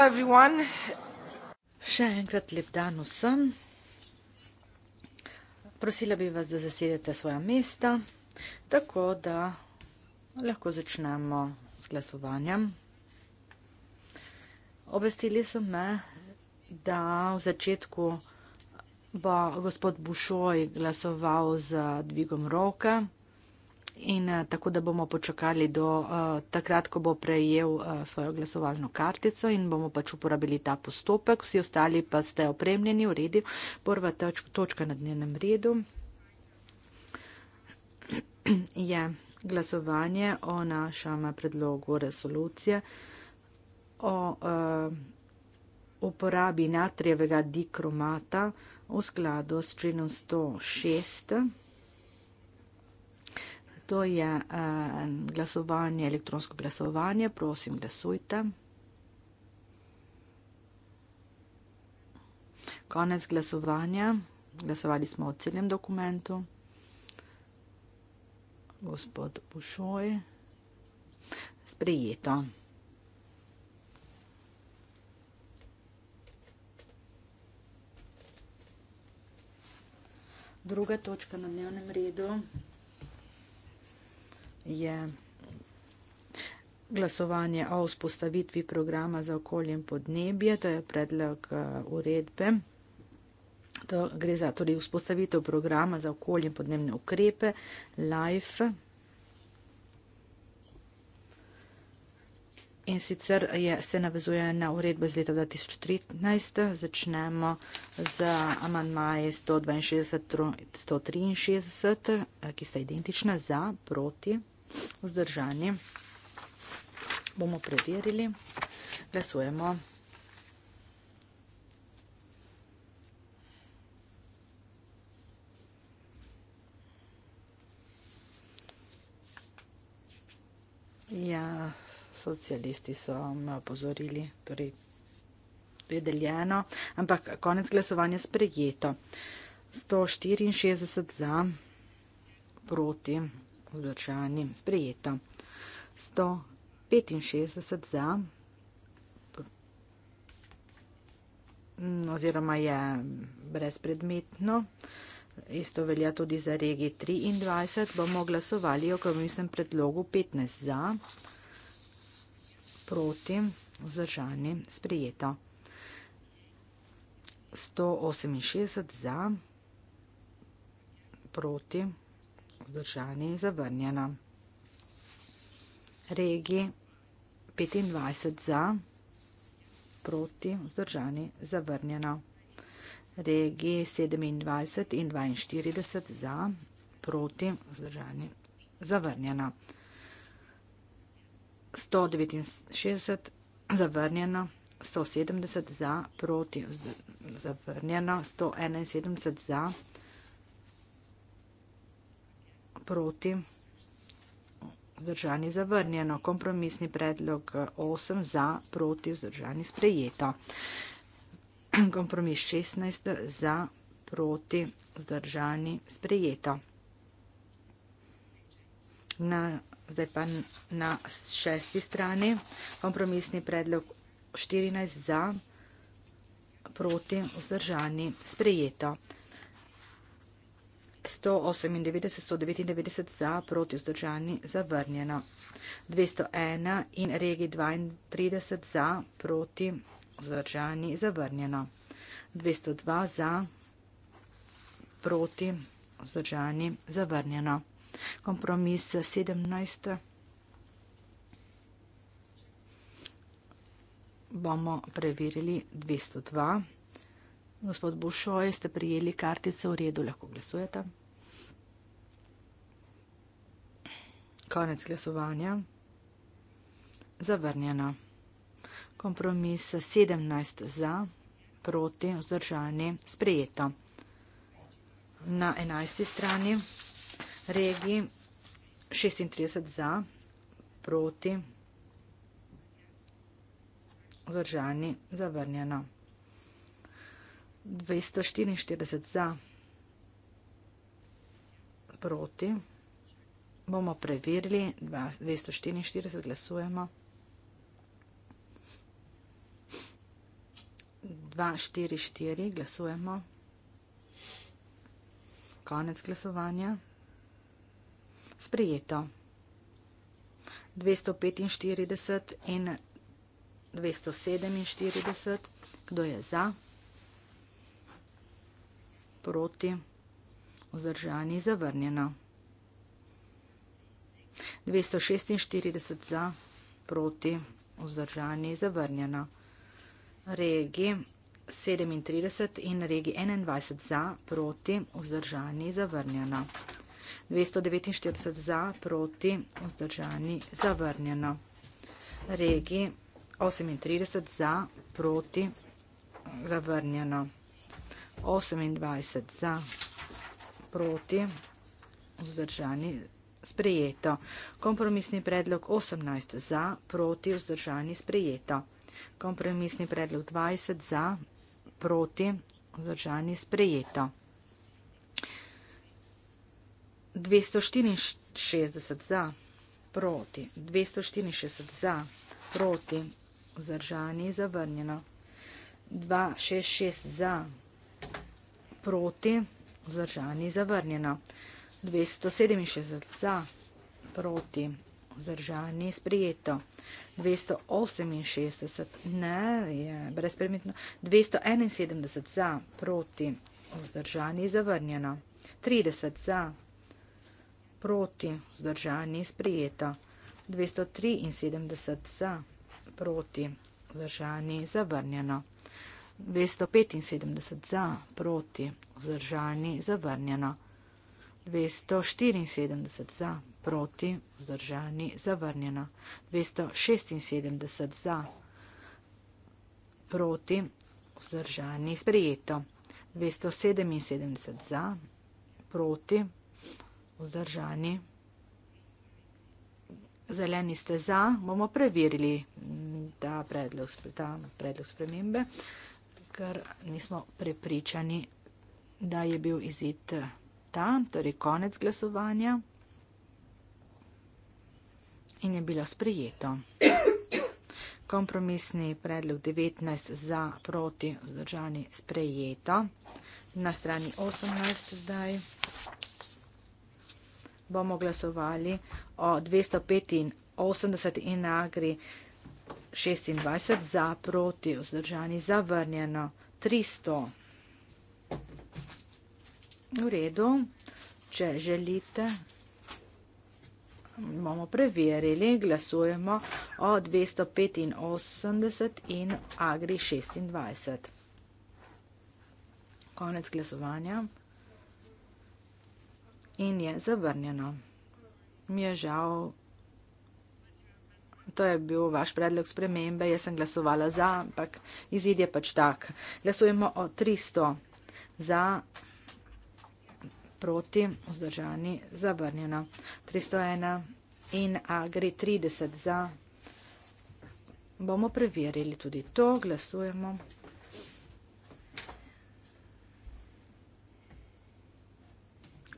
everyone. Še enkrat lep dan vsem. Prosila bi vas, da zasedete svoja mesta, tako da lahko začnemo s glasovanjem. Obvestili so me, da v začetku bo gospod Bušoj glasoval za dvigom roke in eh, tako da bomo počakali do eh, takrat, ko bo prejel eh, svojo glasovalno kartico in bomo pač uporabili ta postopek. Vsi ostali pa ste opremljeni, uredi. Prva točka na dnevnem redu je glasovanje o našem predlogu resolucije o uporabi natrijevega dikromata v skladu s členom 106 to je eh, glasovanje, elektronsko glasovanje. Prosim, glasujte. Konec glasovanja. Glasovali smo o celem dokumentu. Gospod Bušoj. Sprejeto. Druga točka na dnevnem redu je glasovanje o vzpostavitvi programa za okolje in podnebje, to je predlog eh, uredbe. To gre za torej vzpostavitev programa za okolje in podnebne ukrepe, LIFE. In sicer je, se navezuje na uredbo iz leta 2013, začnemo z amandmaji 162-163, eh, ki sta identična za, proti vzdržani. Bomo preverili. Glasujemo. Ja, socialisti so me opozorili, torej to je deljeno, ampak konec glasovanja sprejeto. 164 za, proti vzdržani, sprejeto. 165 za, oziroma je brezpredmetno, isto velja tudi za regiji 23, bomo glasovali o komisem predlogu 15 za, proti, vzdržani, sprejeto. 168 za, proti, vzdržani, sprejeto vzdržani in zavrnjena. Regi 25 za, proti vzdržani, zavrnjena. Regi 27 in 42 za, proti vzdržani, zavrnjena. 169 zavrnjena, 170 za, proti vzdržani, zavrnjena, 171 za, proti vzdržani zavrnjeno. Kompromisni predlog 8 eh, za proti vzdržani sprejeto. Kompromis 16 eh, za proti vzdržani sprejeto. Na, zdaj pa na šesti strani kompromisni predlog 14 za proti vzdržani sprejeto. 198, 199 za, proti vzdržani, zavrnjeno. 201 in regi 32 za, proti vzdržani, zavrnjeno. 202 za, proti vzdržani, zavrnjeno. Kompromis 17 bomo preverili 202. Gospod Bušoj, ste prijeli kartice v redu, lahko glasujete. Konec glasovanja. Zavrnjeno. Kompromis 17 za, proti, vzdržani, sprejeto. Na 11. strani regiji 36 za, proti, vzdržani, zavrnjeno. 244 za, proti. Bomo preverili, 244 glasujemo. 244 glasujemo. Konec glasovanja. Sprejeto. 245 in 247. Kdo je za? proti, vzdržani, zavrnjeno. 246 za, proti, vzdržani, zavrnjeno. Regi 37 in regi 21 za, proti, vzdržani, zavrnjeno. 249 za, proti, vzdržani, zavrnjeno. Regi 38 za, proti, zavrnjeno. 28 za, proti, vzdržani, sprejeto. Kompromisni predlog 18 za, proti, vzdržani, sprejeto. Kompromisni predlog 20 za, proti, vzdržani, sprejeto. 264 za, proti, 264 za, proti, vzdržani, zavrnjeno. 266 za, proti proti, vzdržani zavrnjeno. 267 za, proti, vzdržani sprijeto. 268 ne, je brezpremetno. 271 za, proti, vzdržani zavrnjeno. 30 za, proti, vzdržani sprijeto. 273 za, proti, vzdržani zavrnjeno. 275 za, proti, vzdržani, zavrnjeno. 274 za, proti, vzdržani, zavrnjeno. 276 za, proti, vzdržani, sprejeto. 277 za, proti, vzdržani. Zeleni ste za, bomo preverili mm, ta predlog, ta predlog spremembe ker nismo prepričani, da je bil izid tam, torej konec glasovanja in je bilo sprejeto. Kompromisni predlog 19 za proti vzdržani sprejeto. Na strani 18 zdaj bomo glasovali o 285 in agri. 26 za, proti, vzdržani, zavrnjeno, 300. V redu, če želite, bomo preverili, glasujemo o 285 in agri 26. Konec glasovanja in je zavrnjeno. Mi je žal, to je bil vaš predlog spremembe, jaz sem glasovala za, ampak izid je pač tak. Glasujemo o 300 za, proti, vzdržani, zavrnjeno. 301 in a gre 30 za. Bomo preverili tudi to, glasujemo.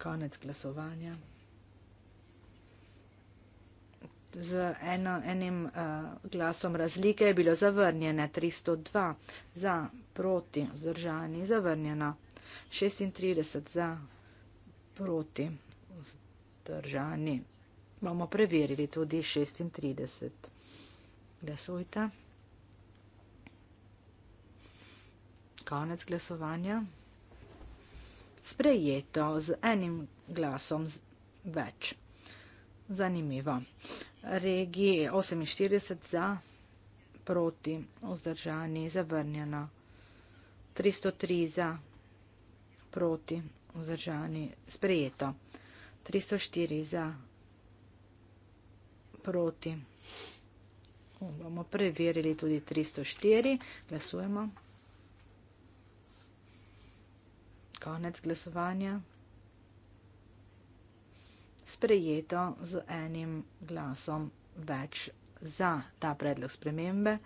Konec glasovanja z eno, enim uh, glasom razlike je bilo zavrnjene 302 za proti zdržani zavrnjeno 36 za proti zdržani. Bomo preverili tudi 36. Glasujte. Konec glasovanja. Sprejeto z enim glasom več. Zanimivo. Regi 48 za, proti, vzdržani, zavrnjeno. 303 za, proti, vzdržani, sprejeto. 304 za, proti. Bomo preverili tudi 304. Glasujemo. Konec glasovanja sprejeto z enim glasom več za ta predlog spremembe,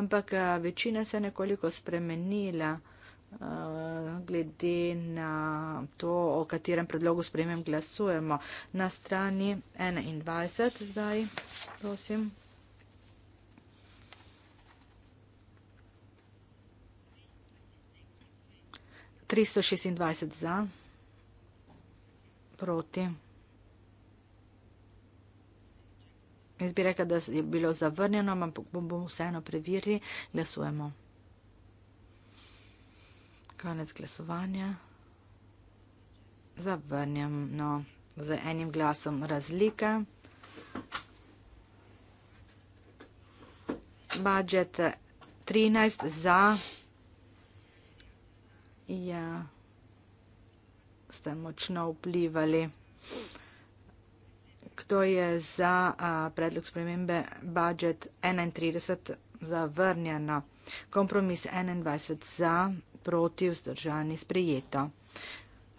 ampak eh, večina se je nekoliko spremenila eh, glede na to, o katerem predlogu spremem glasujemo. Na strani 21 zdaj, prosim. 326 za, proti 7. Jaz bi rekel, da je bilo zavrnjeno, ampak bomo bom vseeno preverili, glasujemo. Konec glasovanja. Zavrnjam, no, z enim glasom razlika. Budžet 13 za. Ja, ste močno vplivali kdo je za a, predlog spremembe budžet 31 zavrnjeno. Kompromis 21 za, proti vzdržani sprejeto.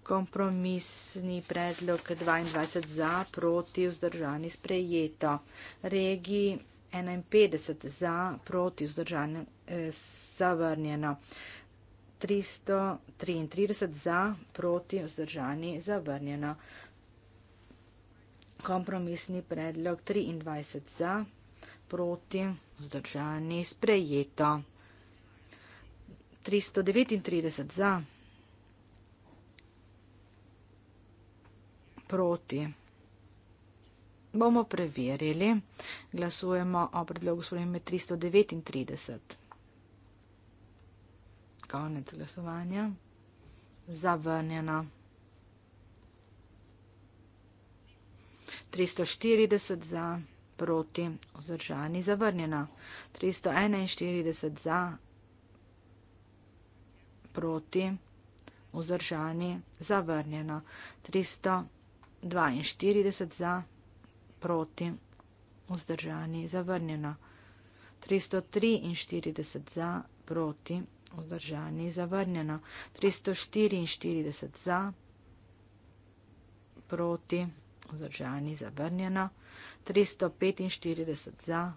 Kompromisni predlog 22 za, proti vzdržani sprejeto. Regiji 51 za, proti vzdržani e, zavrnjeno. 333 za, proti vzdržani zavrnjeno kompromisni predlog 23 za, proti, vzdržani, sprejeto. 339 za, proti. Bomo preverili. Glasujemo o predlogu spremembe 339. Konec glasovanja. Zavrnjeno. 340 za, proti, vzdržani, zavrnjena. 341 za, proti, vzdržani, zavrnjena. 342 za, proti, vzdržani, zavrnjena. 343 za, proti, vzdržani, zavrnjena. 344 za, proti, vzdržani, zavrnjena vzdržani, zavrnjeno, 345 za,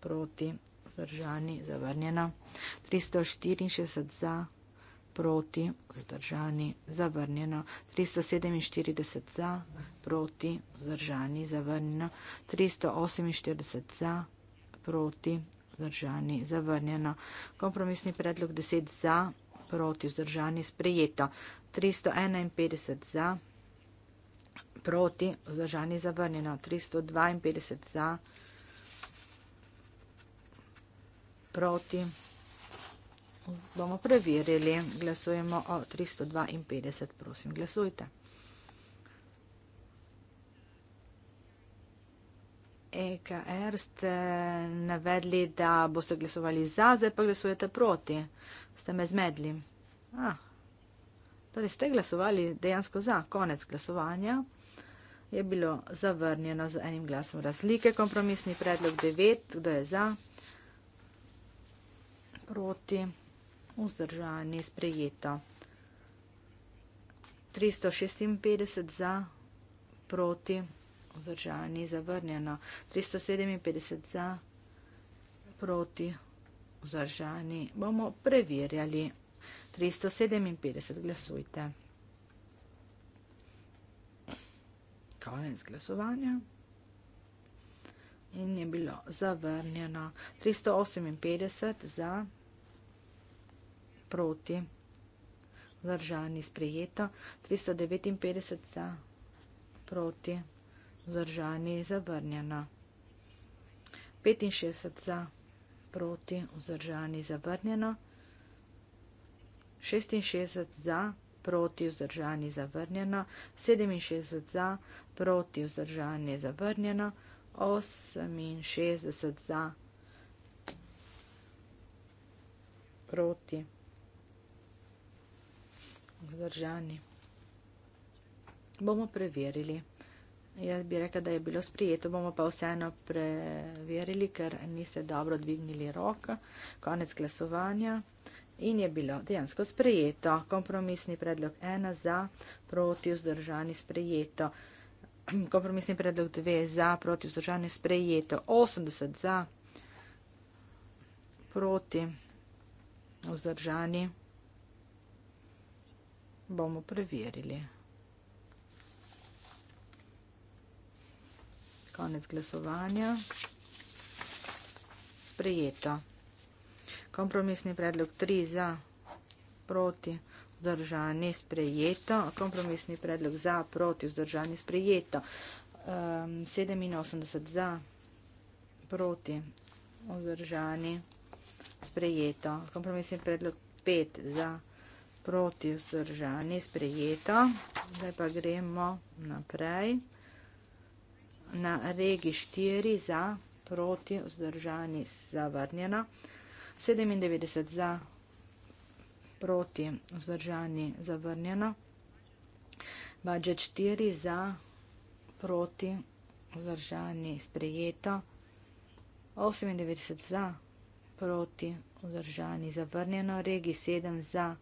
proti, vzdržani, zavrnjeno, 364 za, proti, vzdržani, zavrnjeno, 347 za, proti, vzdržani, zavrnjeno, 348 za, proti, vzdržani, zavrnjeno, kompromisni predlog 10 za, proti, vzdržani, sprejeto, 351 za, proti, vzdržani, zavrnjeno, proti, vzdržani zavrnjeno, 352 za, proti, bomo preverili, glasujemo o 352, prosim, glasujte. EKR ste navedli, da boste glasovali za, zdaj pa glasujete proti. Ste me zmedli. Ah, torej ste glasovali dejansko za. Konec glasovanja je bilo zavrnjeno z enim glasom razlike. Kompromisni predlog 9, kdo je za, proti, vzdržani, sprejeto. 356 za, proti, vzdržani, zavrnjeno. 357 za, proti, vzdržani. Bomo preverjali. 357 glasujte. kao iz glasovanja. In je bilo zavrnjeno 358 za proti, vzdržani sprejeto, 359 za proti, vzdržani zavrnjeno, 65 za proti, vzdržani zavrnjeno, 66 za proti proti vzdržani zavrnjeno, 67 za proti vzdržani zavrnjeno, 68 za proti vzdržani. Bomo preverili. Jaz bi rekel, da je bilo sprijeto, bomo pa vseeno preverili, ker niste dobro dvignili roko. Konec glasovanja in je bilo dejansko sprejeto. Kompromisni predlog 1 za, proti vzdržani sprejeto. Kompromisni predlog 2 za, proti vzdržani sprejeto. 80 za, proti vzdržani. Bomo preverili. Konec glasovanja. Sprejeto. Kompromisni predlog 3 za, proti, vzdržani, sprejeto. Kompromisni predlog za, proti, vzdržani, sprejeto. Um, 87 za, proti, vzdržani, sprejeto. Kompromisni predlog 5 za, proti, vzdržani, sprejeto. Zdaj pa gremo naprej na regi 4 za, proti, vzdržani, zavrnjeno. 97 za, proti, vzdržani, zavrnjeno. Budget 4 za, proti, vzdržani, sprejeto. 98 za, proti, vzdržani, zavrnjeno. Regi 7 za,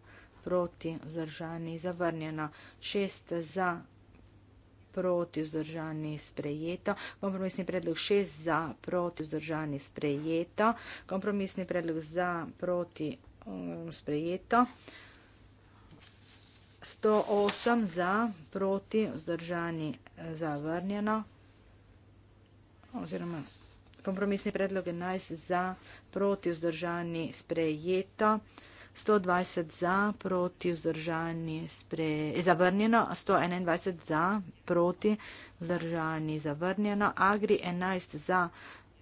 proti, vzdržani, zavrnjeno. 6 za, proti vzdržani sprejeto, kompromisni predlog šest za proti vzdržani sprejeto, kompromisni predlog za proti um, sprejeto, 108 za proti vzdržani zavrnjeno oziroma kompromisni predlog 11 za proti vzdržani sprejeto. 120 za, proti vzdržani, spre, zavrnjeno, 121 za, proti vzdržani, zavrnjeno, agri 11 za,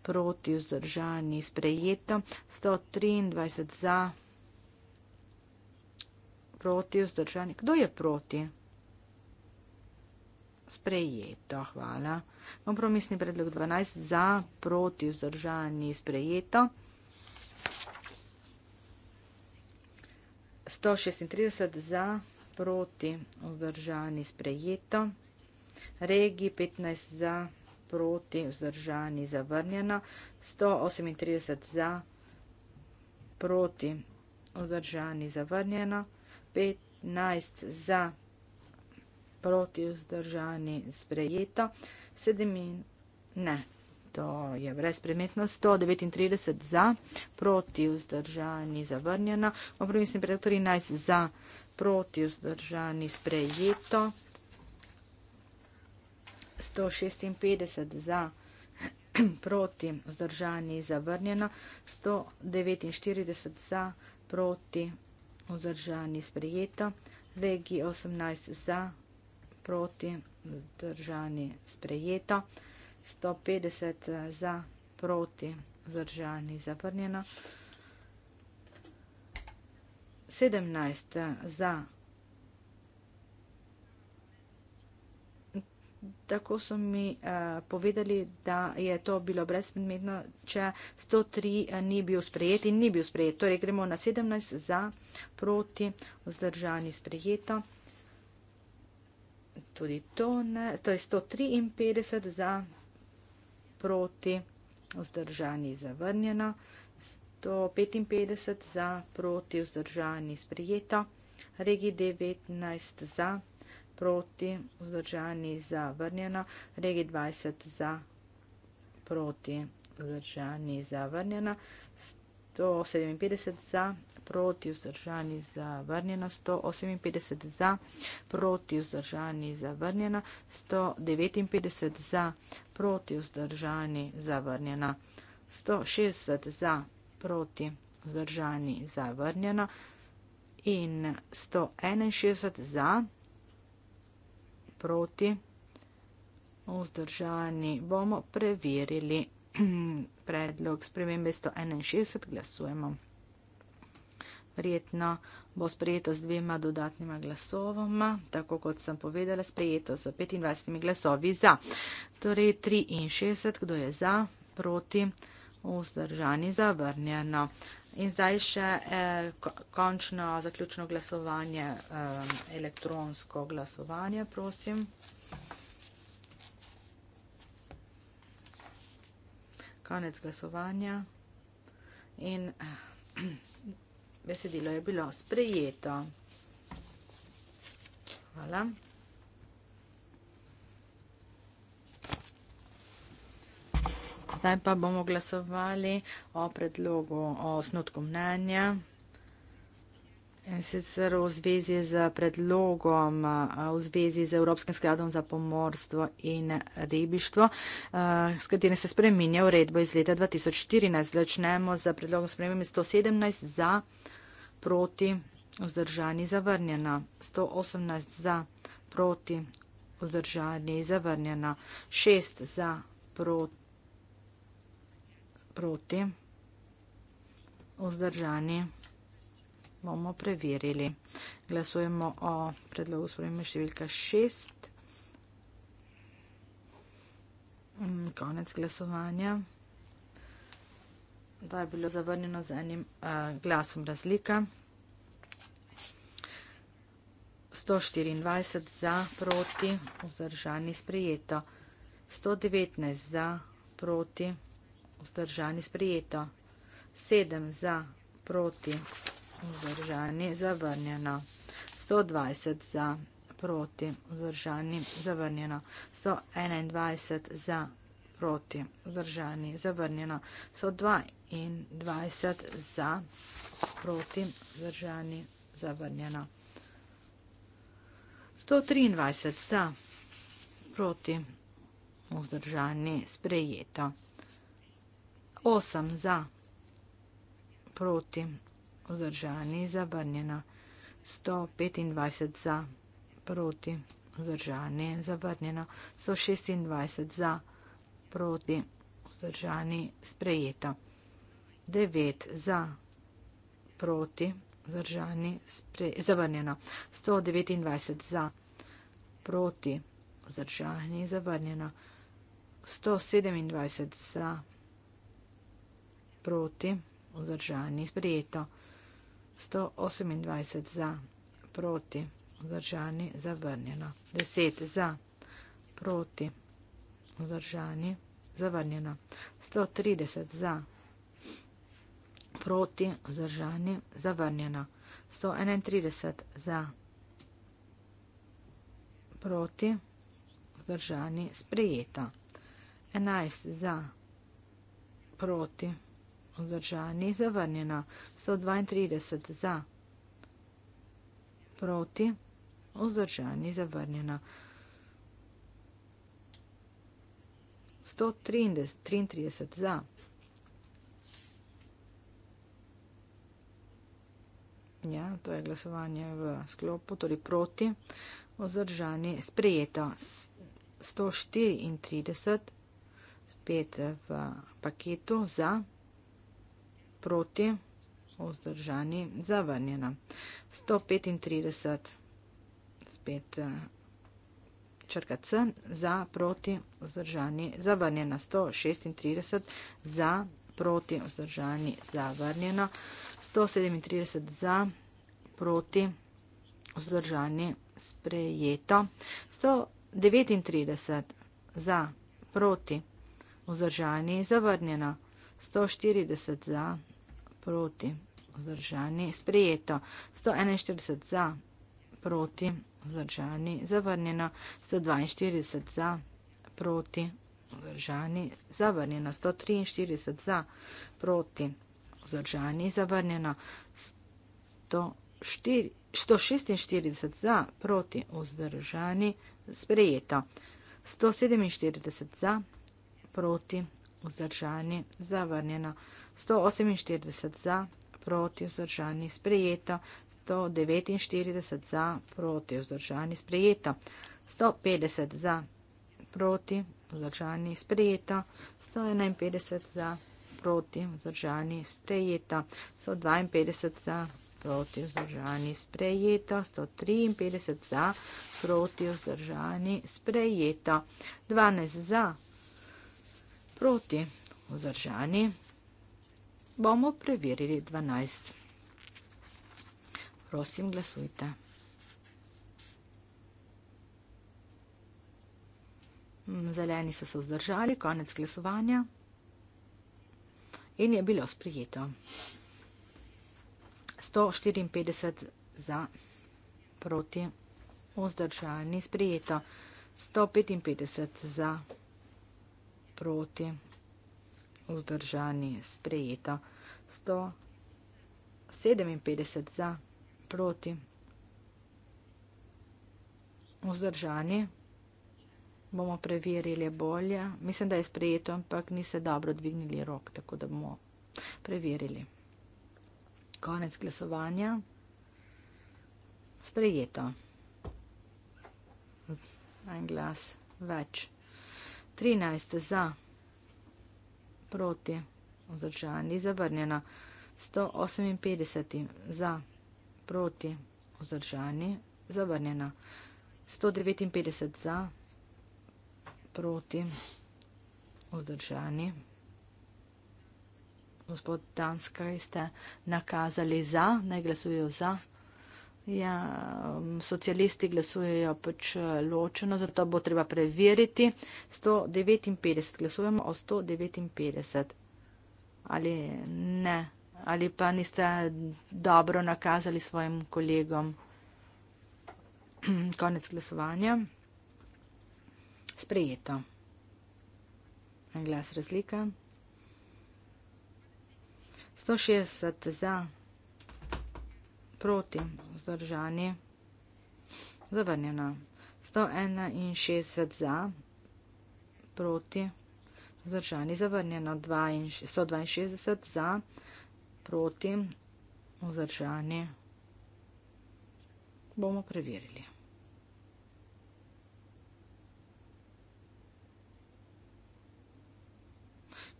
proti vzdržani, sprejeto, 123 za, proti vzdržani. Kdo je proti? Sprejeto, hvala. Kompromisni predlog 12 za, proti vzdržani, sprejeto. 136 za, proti, vzdržani, sprejeto. Regi 15 za, proti, vzdržani, zavrnjeno. 138 za, proti, vzdržani, zavrnjeno. 15 za, proti, vzdržani, sprejeto. 7 ne to je brezpredmetno, 139 za, proti vzdržani zavrnjeno, opravljeni sem predaktor 13 za, proti vzdržani sprejeto, 156 za, proti vzdržani zavrnjeno, 149 za, proti vzdržani sprejeto, legi 18 za, proti vzdržani sprejeto, 150 eh, za, proti, zdržani, zavrnjeno. 17 eh, za. Tako so mi uh, povedali, da je to bilo brezpredmetno, če 103 ni bil sprejet in ni bil sprejet. Torej gremo na 17 za, proti, vzdržani sprejeto. Tudi to ne, torej 153 za, proti, vzdržani zavrnjeno, 155 za proti, vzdržani sprijeto, regi 19 za proti, vzdržani zavrnjeno, regi 20 za proti, vzdržani zavrnjeno, 157 za proti, proti, vzdržani, zavrnjena, 158 za, proti, vzdržani, zavrnjena, 159 za, proti, vzdržani, zavrnjena, 160 za, proti, vzdržani, zavrnjena in 161 za, proti, vzdržani, bomo preverili predlog spremembe 161, glasujemo prijetno bo sprejeto z dvema dodatnima glasovoma, tako kot sem povedala, sprejeto z 25 glasovi za. Torej 63, kdo je za, proti, vzdržani, zavrnjeno. In zdaj še eh, končno zaključno glasovanje, eh, elektronsko glasovanje, prosim. Konec glasovanja. In, eh, besedilo je bilo sprejeto. Hvala. Zdaj pa bomo glasovali o predlogu, o osnotku mnenja. In sicer v zvezi z predlogom, v zvezi z Evropskim skladom za pomorstvo in ribištvo, s katerim se spreminja uredba iz leta 2014. Začnemo z predlogom spremembe 117 za proti, vzdržani, zavrnjena. 118 za, proti, vzdržani, zavrnjena. 6 za, pro, proti, vzdržani. Bomo preverili. Glasujemo o predlogu spremembe številka 6. Mm, konec glasovanja da je bilo zavrnjeno z enim uh, glasom razlika. 124 za, proti, vzdržani, sprejeto. 119 za, proti, vzdržani, sprejeto. 7 za, proti, vzdržani, zavrnjeno. 120 za, proti, vzdržani, zavrnjeno. 121 za, proti, vzdržani, zavrnjeno. 122 in 20 za, proti, zdržani, zavrnjeno. 123 za, proti, vzdržani, sprejeto. 8 za, proti, vzdržani, zavrnjeno. 125 za, proti, vzdržani, zavrnjeno. 126 za, proti, vzdržani, sprejeto. 9 za, proti, zdržani, zavrnjeno. 129 za, proti, zdržani, zavrnjeno. 127 za, proti, zdržani, sprejeto. 128 za, proti, zdržani, zavrnjeno. 10 za, proti, zdržani, zavrnjeno. 130 za, proti, zdržani, zavrnjeno proti, vzdržani, zavrnjeno. 131 za, proti, vzdržani, sprejeto. 11 za, proti, vzdržani, zavrnjeno. 132 za, proti, vzdržani, zavrnjeno. 133 za, proti, vzdržani, zavrnjeno. glasovanja, to je glasovanje v sklopu, torej proti, ozdržanje sprejeto 134, spet v paketu za, proti, ozdržanje zavrnjeno 135, spet eh, črka C, za, proti, ozdržanje zavrnjeno 136, za, proti, ozdržanje zavrnjeno 137 za, proti vzdržani sprejeto. 139 za proti vzdržani zavrnjeno. 140 za proti vzdržani sprejeto. 141 za proti vzdržani zavrnjeno. 142 za proti vzdržani zavrnjeno. 143 za proti vzdržani zavrnjeno. 140. 146 za, proti, vzdržani, sprejeto. 147 za, proti, vzdržani, zavrnjeno. 148 za, proti, vzdržani, sprejeto. 149 za, proti, vzdržani, sprejeto. 150 za, proti, vzdržani, sprejeto. 151 za, proti, vzdržani, sprejeto. 152 za, proti, vzdržani, sprejeto. 152 za, proti, vzdržani, sprejeto. 152 za, proti, vzdržani, sprejeto proti vzdržani sprejeto, 153 za proti vzdržani sprejeto, 12 za proti vzdržani. Bomo preverili 12. Prosim, glasujte. Mm, zeleni so se vzdržali, konec glasovanja in je bilo sprijeto. 154 za proti vzdržaj. Ni sprijeto. 155 za proti vzdržanje sprejeto, 157 za proti vzdržanje, bomo preverili bolje, mislim, da je sprejeto, ampak ni se dobro dvignili rok, tako da bomo preverili. Konec glasovanja. Sprejeto. En glas več. 13 za, proti, vzdržani, zavrnjeno. 158 za, proti, vzdržani, zavrnjeno. 159 za, proti, vzdržani, zavrnjeno gospod Danskaj ste nakazali za, ne glasujejo za. Ja, um, socialisti glasujejo pač eh, ločeno, zato bo treba preveriti. 159, glasujemo o 159. Ali ne, ali pa niste dobro nakazali svojim kolegom. Konec glasovanja. Sprejeto. En glas razlika. 160 za, proti vzdržani, zavrnjena. 161 za, proti vzdržani, zavrnjena. 162 za, proti vzdržani, bomo preverili.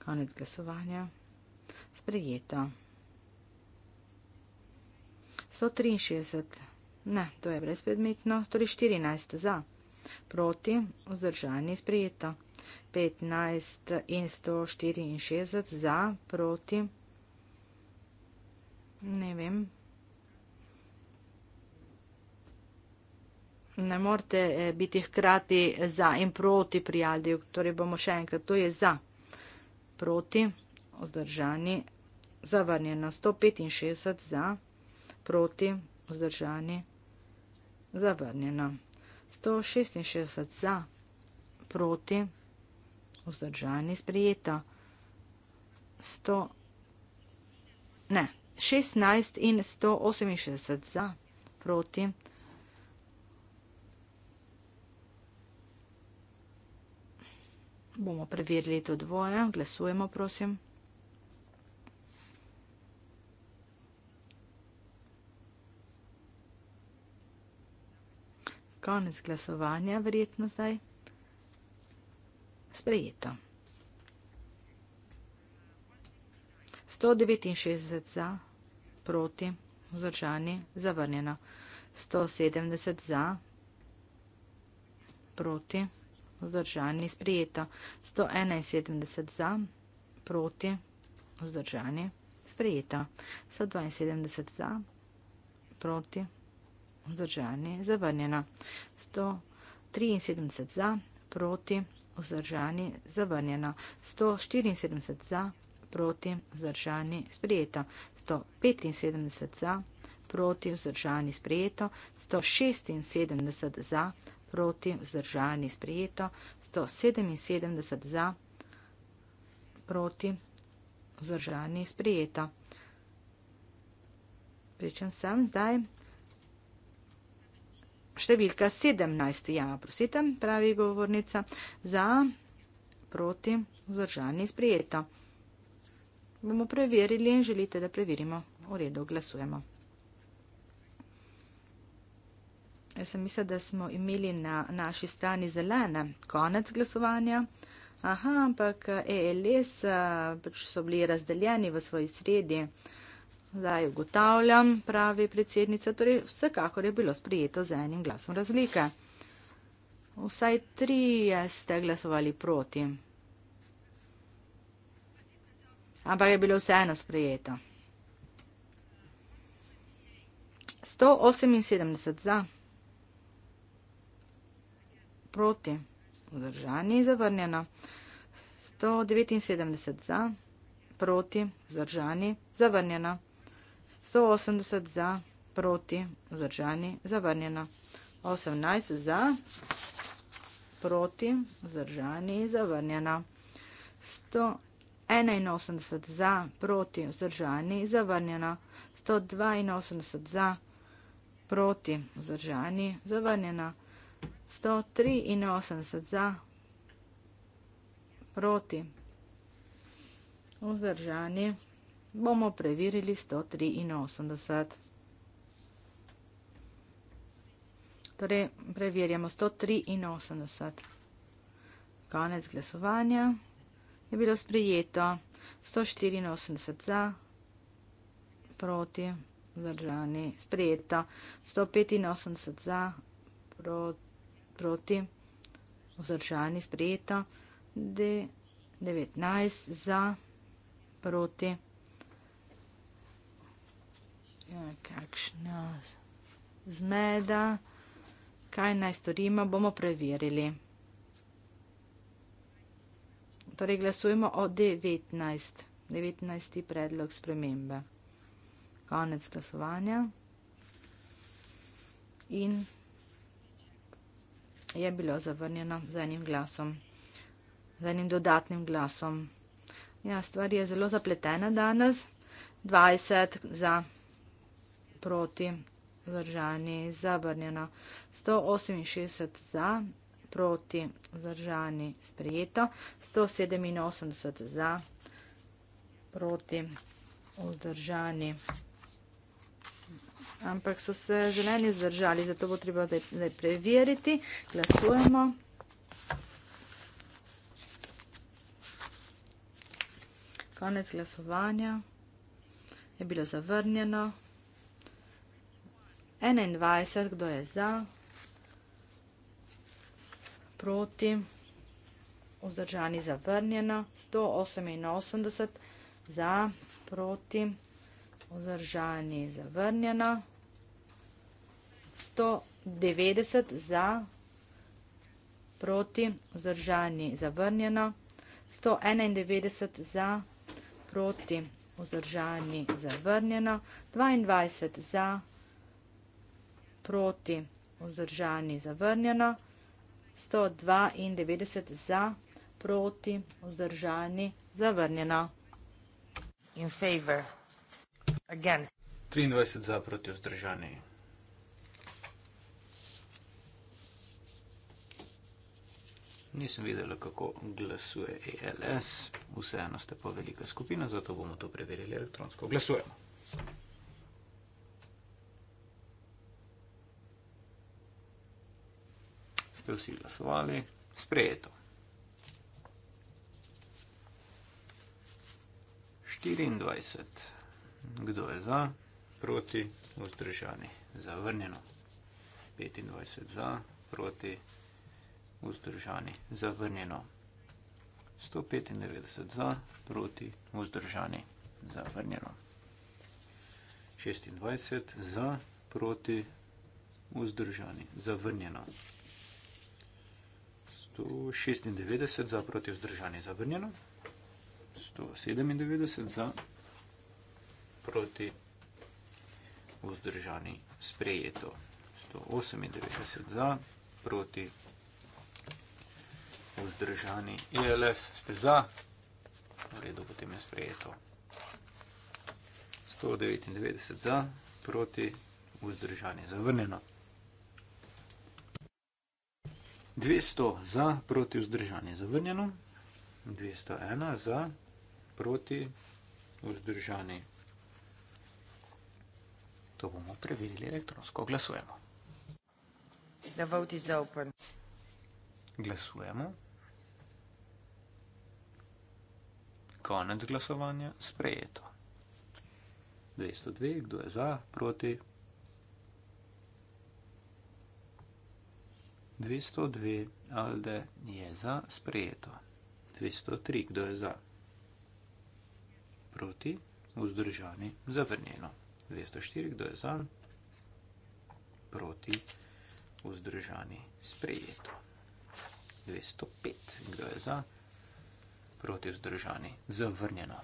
Konec glasovanja sprejeto. 163, ne, to je brezpredmetno, torej 14 za, proti, vzdržanje sprejeto. 15 in 164 za, proti, ne vem, ne morate eh, biti hkrati za in proti prijadijo, torej bomo še enkrat, to je za, proti, proti, vzdržani, zavrnjeno 165 za, proti vzdržani, zavrnjeno 166 za, proti vzdržani, sprijeto 100, ne, 16 in 168 za, proti Bomo preverili to dvoje. Glasujemo, prosim. Konec glasovanja, verjetno zdaj. Sprejeto. 169 za, proti, vzdržani, zavrnjeno. 170 za, proti, vzdržani, sprejeto. 171 za, proti, vzdržani, sprejeto. 172 za, proti, vzdržani vzdržani, zavrnjeno. 173 za, proti, vzdržani, zavrnjeno. 174 za, proti, vzdržani, sprejeto. 175 za, proti, vzdržani, sprejeto. 176 za, proti, vzdržani, sprejeto. 177 za, proti, vzdržani, sprejeto. Pričem sem zdaj številka 17. Ja, prosite, pravi govornica, za, proti, vzdržani, sprijeto. Bomo preverili in želite, da preverimo. V redu, glasujemo. Jaz sem mislila, da smo imeli na naši strani zelene konec glasovanja. Aha, ampak ELS pač so bili razdeljeni v svoji sredi. Uh, Zdaj ugotavljam, pravi predsednica, torej vsekakor je bilo sprijeto z enim glasom razlike. Vsaj tri ste glasovali proti. Ampak je bilo vseeno sprijeto. 178 za, proti, vzdržani, zavrnjeno. 179 za, proti, vzdržani, zavrnjeno. 180 za, proti, vzdržani, zavrnjeno. 18 za, proti, vzdržani, zavrnjeno. 181 za, proti, vzdržani, zavrnjeno. 182 za, proti, vzdržani, zavrnjeno. 183 za, proti, vzdržani, zavrnjeno bomo preverili 183. Torej, preverjamo 183. Konec glasovanja. Je bilo sprejeto 184 za, proti, zdržani, sprejeto 185 za, pro, proti, vzdržani, sprejeto 19 za, proti. Ja, kakšna zmeda. Kaj naj storimo, bomo preverili. Torej, glasujemo o 19. 19. predlog spremembe. Konec glasovanja. In je bilo zavrnjeno z enim glasom, z enim dodatnim glasom. Ja, stvar je zelo zapletena danes. 20 za proti, vzdržani, zabrnjeno, 168 za, proti, vzdržani, sprejeto, 187 za, proti, vzdržani. Ampak so se zeleni zdržali, zato bo treba zdaj preveriti. Glasujemo. Konec glasovanja. Je bilo zavrnjeno. 21, kdo je za, proti, vzdržani zavrnjeno, 188 za, proti, vzdržani zavrnjeno, 190 za, proti, vzdržani zavrnjeno, 191 za, proti, vzdržani zavrnjeno, 22 za, proti, proti, vzdržani, zavrnjeno, 192 za, proti, vzdržani, zavrnjeno. In favor, against. 23 za, proti, vzdržani. Nisem videla, kako glasuje ALS. E Vseeno ste pa velika skupina, zato bomo to preverili elektronsko. Glasujemo. Glasujemo. ste vsi glasovali, sprejeto. 24. Kdo je za, proti, vzdržani, zavrnjeno. 25 za, proti, vzdržani, zavrnjeno. 195 za, proti, vzdržani, zavrnjeno. 26 za, proti, vzdržani, zavrnjeno tu 96 za proti vzdržanje zavrnjeno, 197 za proti vzdržanje sprejeto, 198 za proti vzdržanje ILS ste za, v redu potem je sprejeto, 199 za proti vzdržanje zavrnjeno. 200 za proti vzdržanje zavrnjeno, 201 za proti vzdržanje. To bomo preverili elektronsko. Glasujemo. The vote is open. Glasujemo. Konec glasovanja sprejeto. 202, kdo je za, proti, 202 alde je za sprejeto. 203, kdo je za? Proti, vzdržani, zavrnjeno. 204, kdo je za? Proti, vzdržani, sprejeto. 205, kdo je za? Proti, vzdržani, zavrnjeno.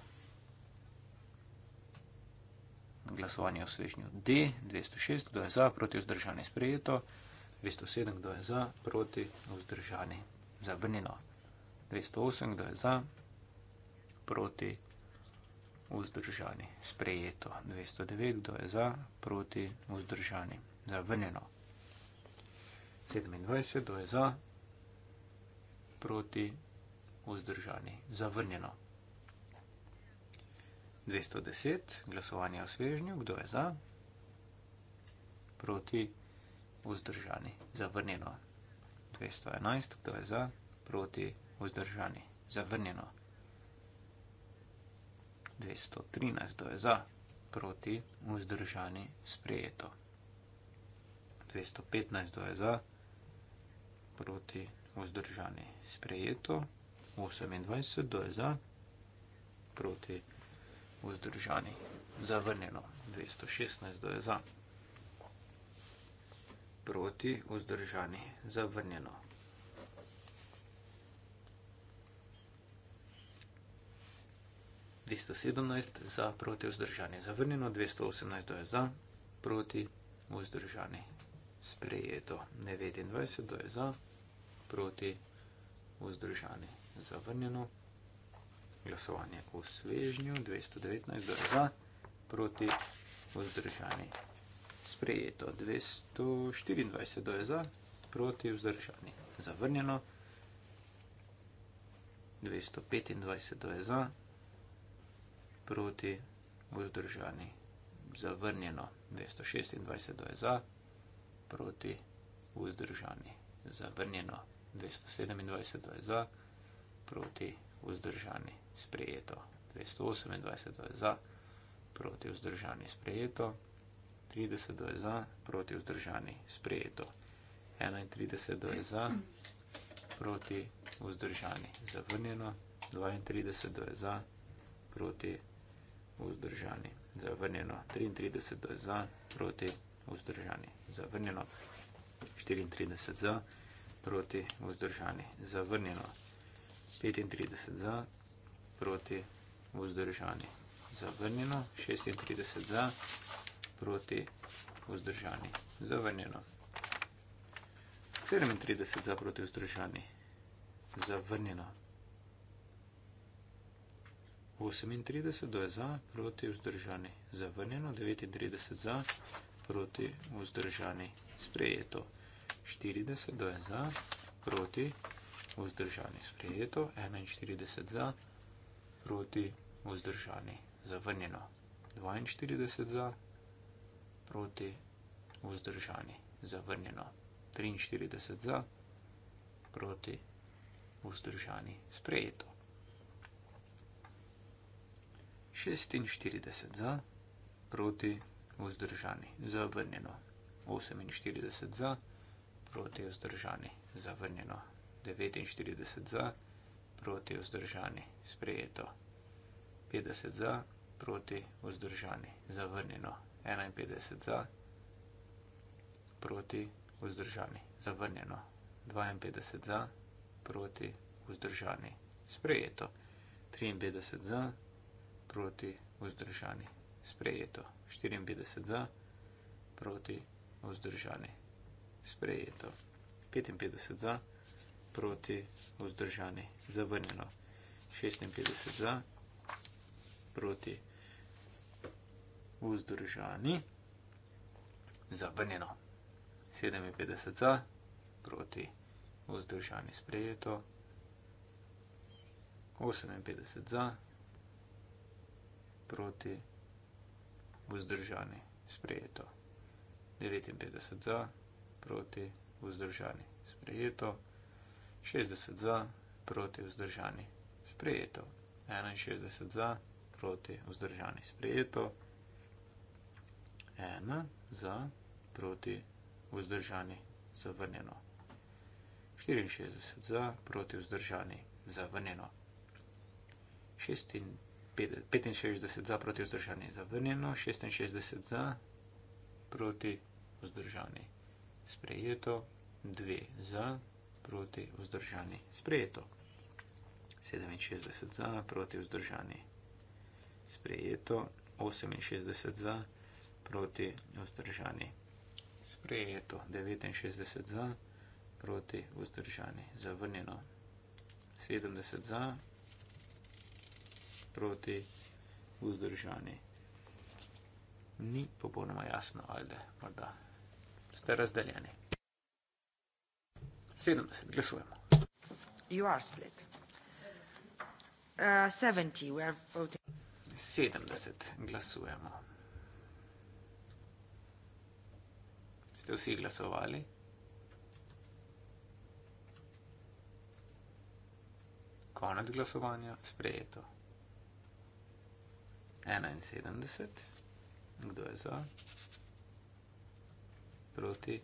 Glasovanje v svežnju D. 206, kdo je za? Proti, vzdržani, sprejeto. 207. 207, kdo je za, proti, vzdržani, zavrnjeno. 208, kdo je za, proti, vzdržani, sprejeto. 209, kdo je za, proti, vzdržani, zavrnjeno. 27, kdo je za, proti, vzdržani, zavrnjeno. 210, glasovanje o svežnju, kdo je za, proti, vzdržani vzdržani, zavrnjeno. 211, kdo je za, proti, vzdržani, zavrnjeno. 213, kdo je za, proti, vzdržani, sprejeto. 215, kdo je za, proti, vzdržani, sprejeto. 28, kdo je za, proti, vzdržani, zavrnjeno. 216, kdo je za, proti, vzdržani, sprejeto proti, vzdržani, zavrnjeno. Dvesto sedemnajst za, proti, vzdržani, zavrnjeno, dvesto osemnajst je za, proti, vzdržani, sprejeto, devetindvajset je za, proti, vzdržani, zavrnjeno, glasovanje v svežnju, dvesto devetnajst je za, proti, vzdržani, zavrnjeno sprejeto 224 do EZA proti vzdržani. Zavrnjeno 225 do EZA proti vzdržani. Zavrnjeno 226 do EZA proti vzdržani. Zavrnjeno 227 do EZA proti vzdržani. Sprejeto 228 do EZA proti vzdržani. Sprejeto 228 do EZA. 32 je za, proti vzdržani, sprejeto. 31 je za, proti vzdržani, zavrnjeno. 32 je za, proti vzdržani, zavrnjeno. 33 je za, proti vzdržani, zavrnjeno. 34 za, proti vzdržani, zavrnjeno. 35 za, proti vzdržani, zavrnjeno. 36 za, proti vzdržani, zavrnjeno proti vzdržani. Zavrnjeno. 37 za proti vzdržani. Zavrnjeno. 38 do je za proti vzdržani. Zavrnjeno. 39 za proti vzdržani. Sprejeto. 40 do je za proti vzdržani. Sprejeto. 41 za proti vzdržani. Zavrnjeno. 42 za proti vzdržani proti, vzdržani, zavrnjeno. 43 za, proti, vzdržani, sprejeto. 46 za, proti, vzdržani, zavrnjeno. 48 za, proti, vzdržani, zavrnjeno. 49 za, proti, vzdržani, sprejeto. 50 za, proti, vzdržani, zavrnjeno. 51 za, proti vzdržani, zavrnjeno, 52 za, proti vzdržani, sprejeto, 53 za, proti vzdržani, sprejeto, 54 za, proti vzdržani, sprejeto, 55 za, proti vzdržani, zavrnjeno, 56 za, proti vzdržani, vzdržani, zavrnjeno. 57 za, proti vzdržani sprejeto. 58 za, proti vzdržani sprejeto. 59 za, proti vzdržani sprejeto. 60 za, proti vzdržani sprejeto. 61 za, proti vzdržani sprejeto. 61 za, proti vzdržani sprejeto ena, za, proti, vzdržani, zavrnjeno. 64 za, proti, vzdržani, zavrnjeno. 65 za, proti, vzdržani, zavrnjeno. 66 za, proti, vzdržani, sprejeto. 2 za, proti, vzdržani, sprejeto. 67 za, proti, vzdržani, sprejeto. 68 za, proti, vzdržani, sprejeto proti vzdržani. Sprejeto 69 za, proti vzdržani. Zavrnjeno 70 za, proti vzdržani. Ni popolnoma jasno, ali da morda ste razdeljeni. 70, glasujemo. You are split. Uh, 70, we are voting. 70, glasujemo. ste vsi glasovali. Konec glasovanja, sprejeto. 71. Kdo je za? Proti?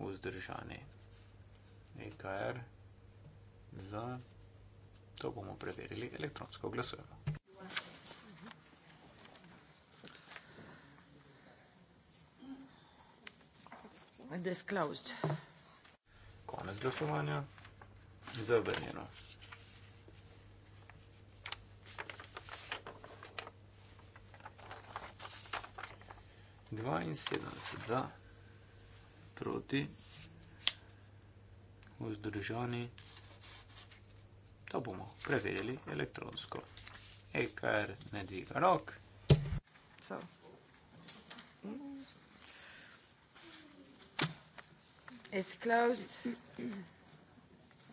Vzdržani. EKR. Za. To bomo preverili elektronsko glasujemo. disclosed. Konec glasovanja. Zavrnjeno. Dvainsedemdeset za, proti, vzdržani. To bomo preverili elektronsko. EKR ne dviga rok. So. It's closed.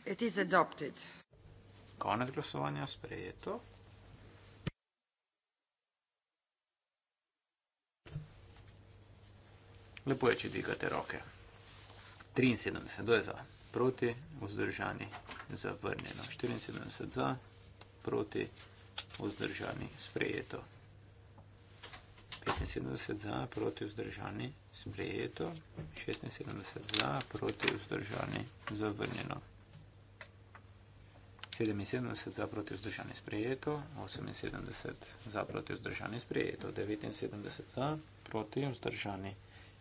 It is adopted. Konec glasovanja sprejeto. Lepo je, če dvigate roke. 73, kdo je za? Proti, vzdržani, zavrnjeno. 74 za, proti, vzdržani, sprejeto. 75 za, proti vzdržani, sprejeto, 76 za, proti vzdržani, zavrnjeno. 77 za proti vzdržani sprejeto, 78 za proti vzdržani sprejeto, 79 za proti vzdržani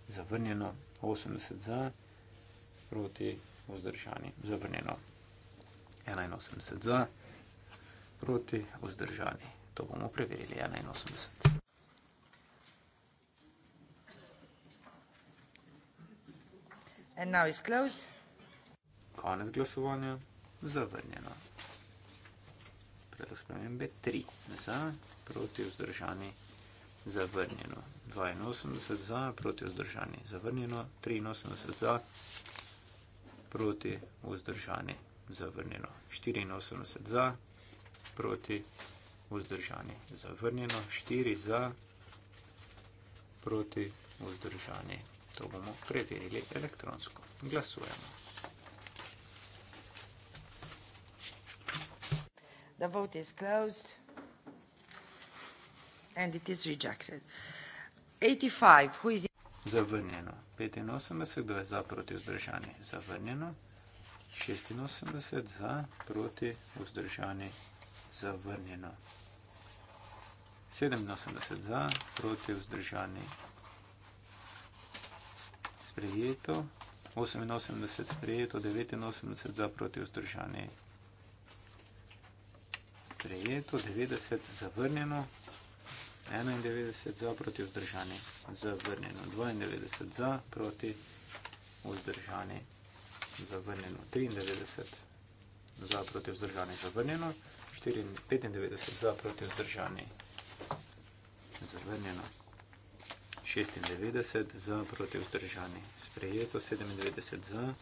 zavrnjeno, 80 za proti vzdržani zavrnjeno, 81 za proti vzdržani. To bomo preverili, 81. And now it's closed. Konec glasovanja. Zavrnjeno. Predospremem B3. Za, proti vzdržani. Zavrnjeno. 82 za, proti vzdržani. Zavrnjeno. 83 za, proti vzdržani. Zavrnjeno. 84 za, proti vzdržani. Zavrnjeno. 4 za, proti vzdržani. Zavrnjeno. Ministrstvo bomo preverili elektronsko. Glasujemo. The vote is closed and it is rejected. 85, who is... Zavrnjeno. 85, kdo je za proti vzdržanje? Zavrnjeno. 86 za proti vzdržanje? Zavrnjeno. 87 za proti vzdržanje? sprejeto, 88 sprejeto, 89 za proti vzdržanje. Sprejeto, 90 zavrnjeno, 91 za proti vzdržanje. Zavrnjeno, 92 za proti vzdržanje. Zavrnjeno, 93 za proti vzdržanje. Zavrnjeno, 94, 95 za proti vzdržanje. Zavrnjeno. 96 za proti vzdržani. Sprejeto 97 za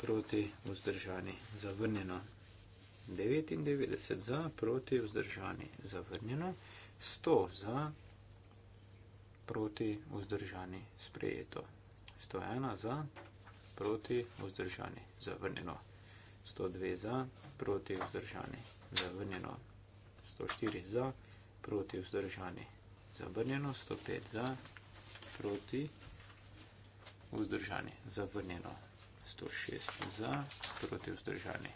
proti vzdržani. Zavrnjeno 99 za proti vzdržani. Zavrnjeno 100 za proti vzdržani. Sprejeto 101 za proti vzdržani. Zavrnjeno 102 za proti vzdržani. Zavrnjeno 104 za proti vzdržani. Zavrnjeno 105 za proti, vzdržani, zavrnjeno 106 za, proti vzdržani,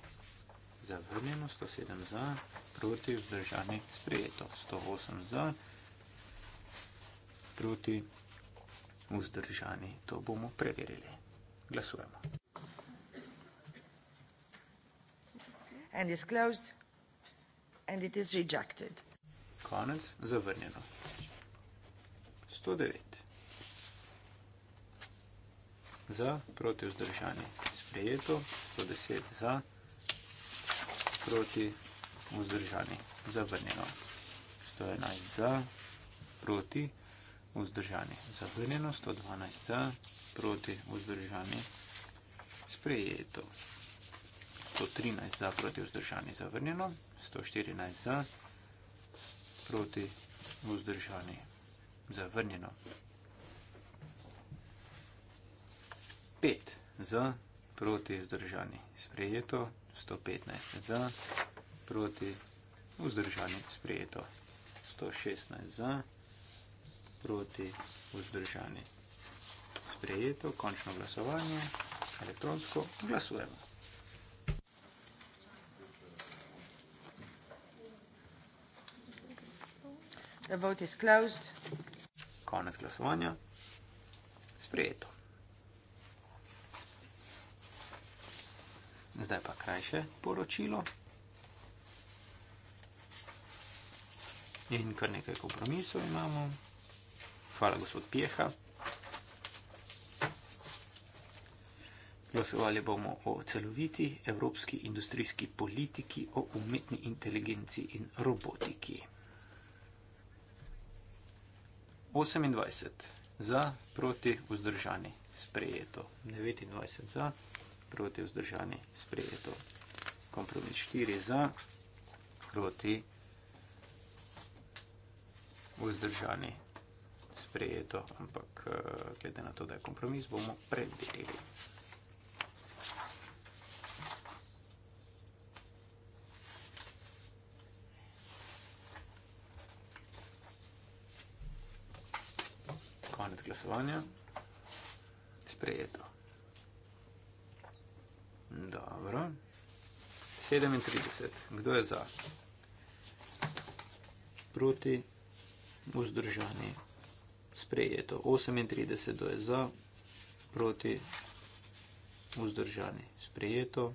zavrnjeno 107 za, proti vzdržani, sprejeto 108 za, proti vzdržani, to bomo preverili. Glasujemo. And is closed and it is rejected. Konec, zavrnjeno. 109 za, proti vzdržanje sprejeto, 110 za, proti vzdržanje zavrnjeno, 111 za, proti vzdržanje zavrnjeno, 112 za, proti vzdržanje sprejeto, 113 za, proti vzdržanje zavrnjeno, 114 za, proti vzdržanje zavrnjeno. 5 z proti vzdržani sprejeto, 115 z proti vzdržani sprejeto, 116 z proti vzdržani sprejeto, končno glasovanje, elektronsko glasujemo. The vote is closed. Konec glasovanja. Sprejeto. Zdaj pa krajše poročilo in kar nekaj kompromisov imamo. Hvala, gospod Pjeha. Glasovali bomo o celoviti evropski industrijski politiki, o umetni inteligenci in robotiki. 28 za, proti, vzdržani, sprejeto. 29 za proti vzdržani sprejeto. Kompromis 4 za, proti vzdržani sprejeto, ampak eh, glede na to, da je kompromis, bomo predelili. Konec glasovanja. Sprejeto. Dobro. 37. Kdo je za? Proti, vzdržani, sprejeto. 38. Kdo je za? Proti, vzdržani, sprejeto.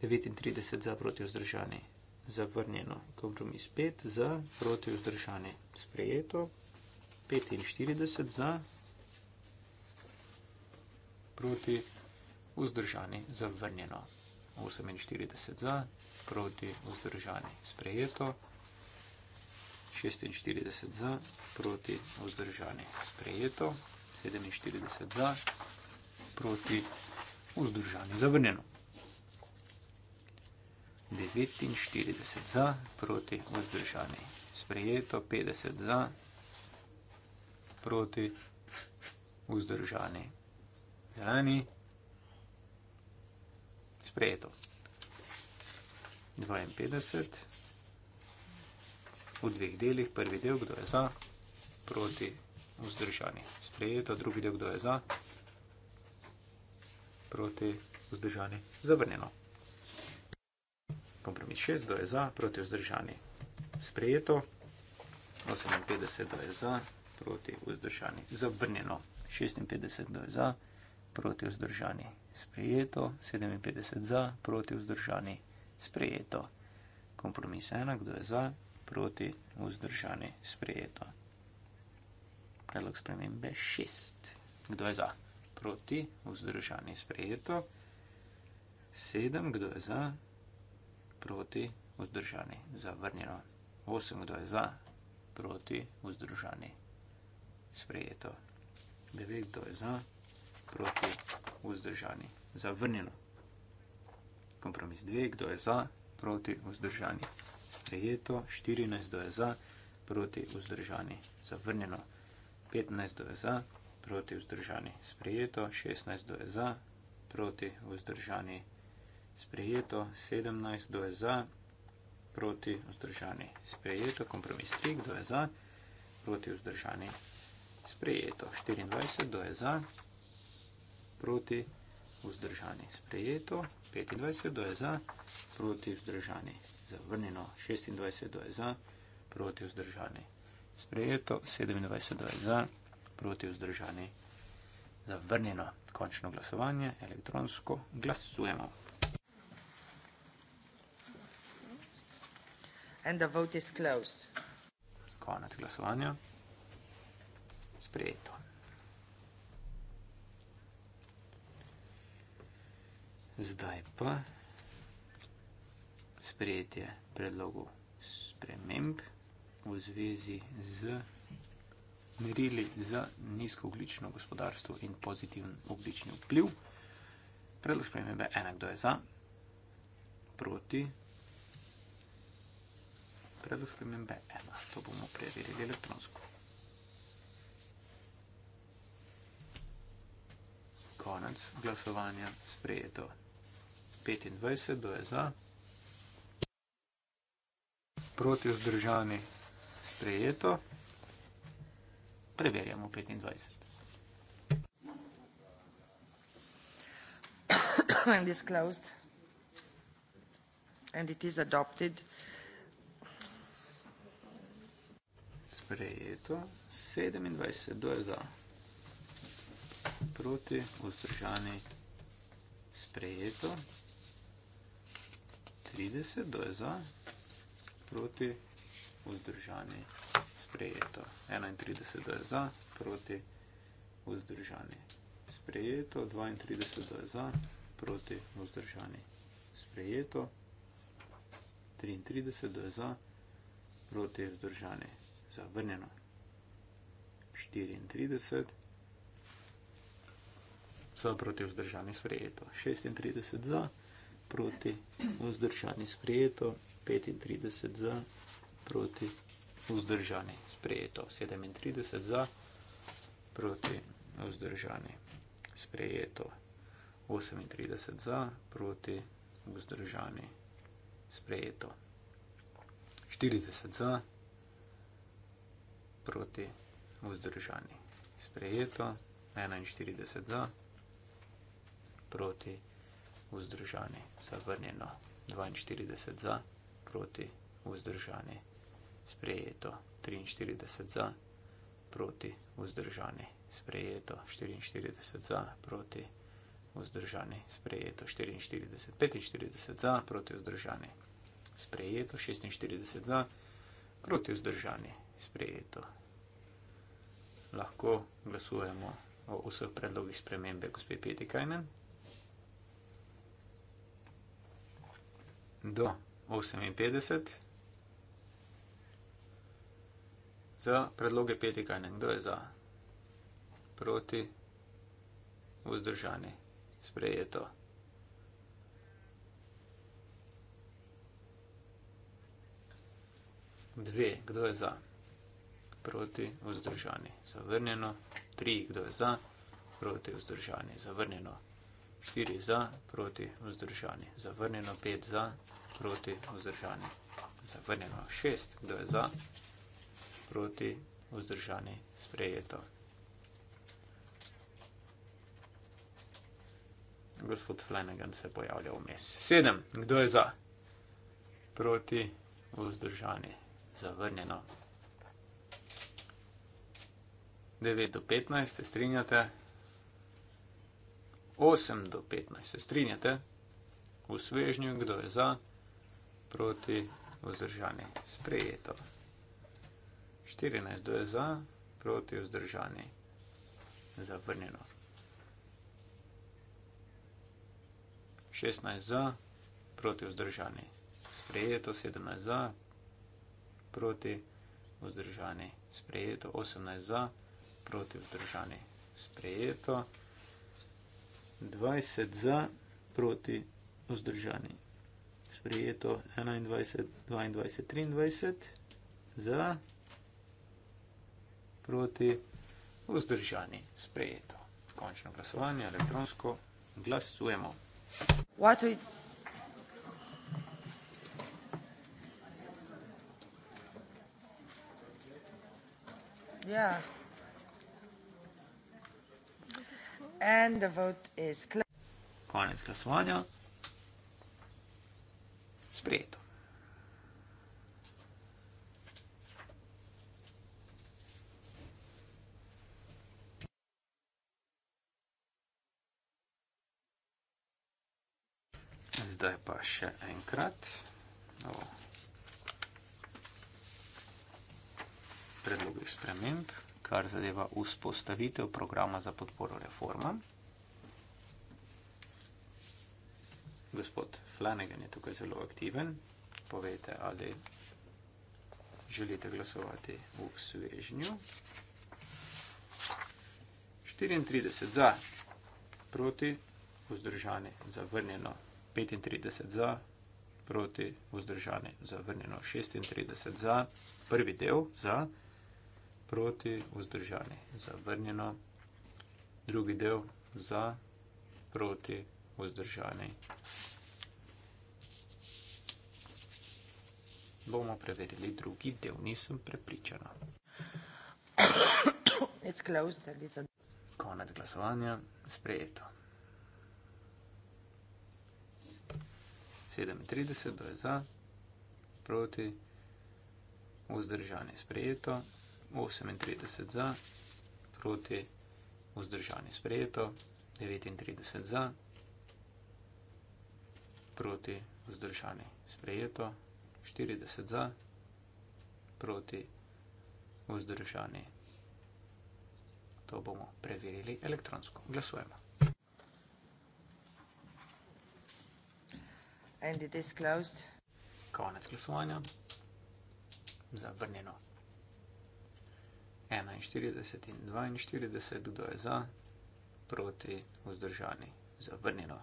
39. Za, proti, vzdržani, zavrnjeno. Kompromis 5. Za, proti, vzdržani, sprejeto. 45. Za, proti, vzdržani, sprejeto vzdržani, zavrnjeno. 48 za, proti, vzdržani, sprejeto. 46 za, proti, vzdržani, sprejeto. 47 za, proti, vzdržani, zavrnjeno. 49 za, proti, vzdržani, sprejeto. 50 za, proti, vzdržani, zeleni sprejeto. 52 v dveh delih, prvi del, kdo je za, proti vzdržani. Sprejeto, drugi del, kdo je za, proti vzdržani. Zavrnjeno. Kompromis 6, kdo je za, proti vzdržani. Sprejeto. 58, kdo je za, proti vzdržani. Zavrnjeno. 56, kdo je za proti vzdržani, sprejeto, 57 za, proti vzdržani, sprejeto. Kompromis ena, kdo je za, proti vzdržani, sprejeto. Predlog spremembe šest, kdo je za, proti vzdržani, sprejeto. Sedem, kdo je za, proti vzdržani, zavrnjeno. Osem, kdo je za, proti vzdržani, sprejeto. Devet, kdo je za, proti vzdržani. Zavrnjeno. Kompromis 2, kdo je za, proti vzdržani. Prejeto, 14, kdo je za, proti vzdržani. Zavrnjeno, 15, kdo je za, proti vzdržani. Sprejeto, 16, kdo je za, proti vzdržani. Sprejeto, 17, kdo je za, proti vzdržani. Sprejeto, kompromis 3, kdo je za, proti vzdržani. Sprejeto, 24, kdo je za, proti vzdržani proti, vzdržani, sprejeto, 25 do je za, proti, vzdržani, zavrnjeno, 26 do je za, proti, vzdržani, sprejeto, 27 do je za, proti, vzdržani, zavrnjeno, končno glasovanje, elektronsko glasujemo. And the vote is closed. Konec glasovanja. Sprejeto. Zdaj pa sprejetje predlogov sprememb v zvezi z merili za nizkooglično gospodarstvo in pozitiven oglični vpliv. Predlog spremembe ena, kdo je za, proti. Predlog spremembe ena, to bomo preverili elektronsko. Konec glasovanja sprejeto. 25, kdo je za? Proti vzdržani sprejeto. Preverjamo 25. And is closed. And it is adopted. Sprejeto. 27, kdo je za? Proti vzdržani sprejeto. Sprejeto. 30, kdo je za, proti, vzdržani, sprejeto. 31, kdo je za, proti, vzdržani, sprejeto. 32, kdo je za, proti, vzdržani, sprejeto. 33, kdo je za, proti, vzdržani, zavrnjeno. 34, za, proti, vzdržani, sprejeto. 36, za, proti, vzdržani, sprejeto proti, vzdržani sprejeto, 35 za, proti, vzdržani sprejeto, 37 za, proti, vzdržani sprejeto, 38 za, proti, vzdržani sprejeto, 40 za, proti, vzdržani sprejeto, 41 za, proti, vzdržani sprejeto, vzdržani, zavrnjeno 42 za, proti vzdržani, sprejeto 43 za, proti vzdržani, sprejeto 44 za, proti vzdržani, sprejeto 44, 45 za, proti vzdržani, sprejeto 46 za, proti vzdržani, sprejeto. Lahko glasujemo o vseh predlogih spremembe, gospod Peti Kajnen. do 58. Za predloge petikajne, kdo je za? Proti, vzdržani, sprejeto. Dve, kdo je za? Proti, vzdržani, zavrnjeno. Tri, kdo je za? Proti, vzdržani, zavrnjeno. Zavrnjeno. 4 za, proti, vzdržani. Zavrnjeno 5 za, proti, vzdržani. Zavrnjeno 6, kdo je za, proti, vzdržani, sprejeto. Gospod Flanagan se pojavlja v mes. 7, kdo je za, proti, vzdržani, zavrnjeno. 9 do 15, se strinjate? 8 do 15, se strinjate, v svežnju, kdo je za, proti, vzdržani, sprejeto. 14, kdo je za, proti, vzdržani, zavrnjeno. 16 za, proti, vzdržani, sprejeto. 17 za, proti, vzdržani, sprejeto. 18 za, proti, vzdržani, sprejeto. 20 za, proti vzdržani. Sprejeto 21, 22, 23 za, proti vzdržani. Sprejeto. Končno glasovanje, elektronsko glasujemo. Yeah. And the vote is Konec glasovanja. Sprejeto. Zdaj pa še enkrat. No. Predlog je spremenjen kar zadeva vzpostavitev programa za podporo reformam. Gospod Flanagan je tukaj zelo aktiven. Povejte, ali želite glasovati v svežnju. 34 za, proti, vzdržani, zavrnjeno. 35 za, proti, vzdržani, zavrnjeno. 36 za, prvi del za proti, vzdržani, zavrnjeno, drugi del za, proti, vzdržani. Bomo preverili drugi del, nisem prepričana. Konec glasovanja, sprejeto. 37 do je za, proti, vzdržani, sprejeto. 38 za, proti vzdržanje sprejeto, 39 za, proti vzdržanje sprejeto, 40 za, proti vzdržanje. To bomo preverili elektronsko. Glasujemo. And it is closed. Konec glasovanja. Zavrnjeno. 41 in 42, kdo je za, proti, vzdržani, zavrnjeno.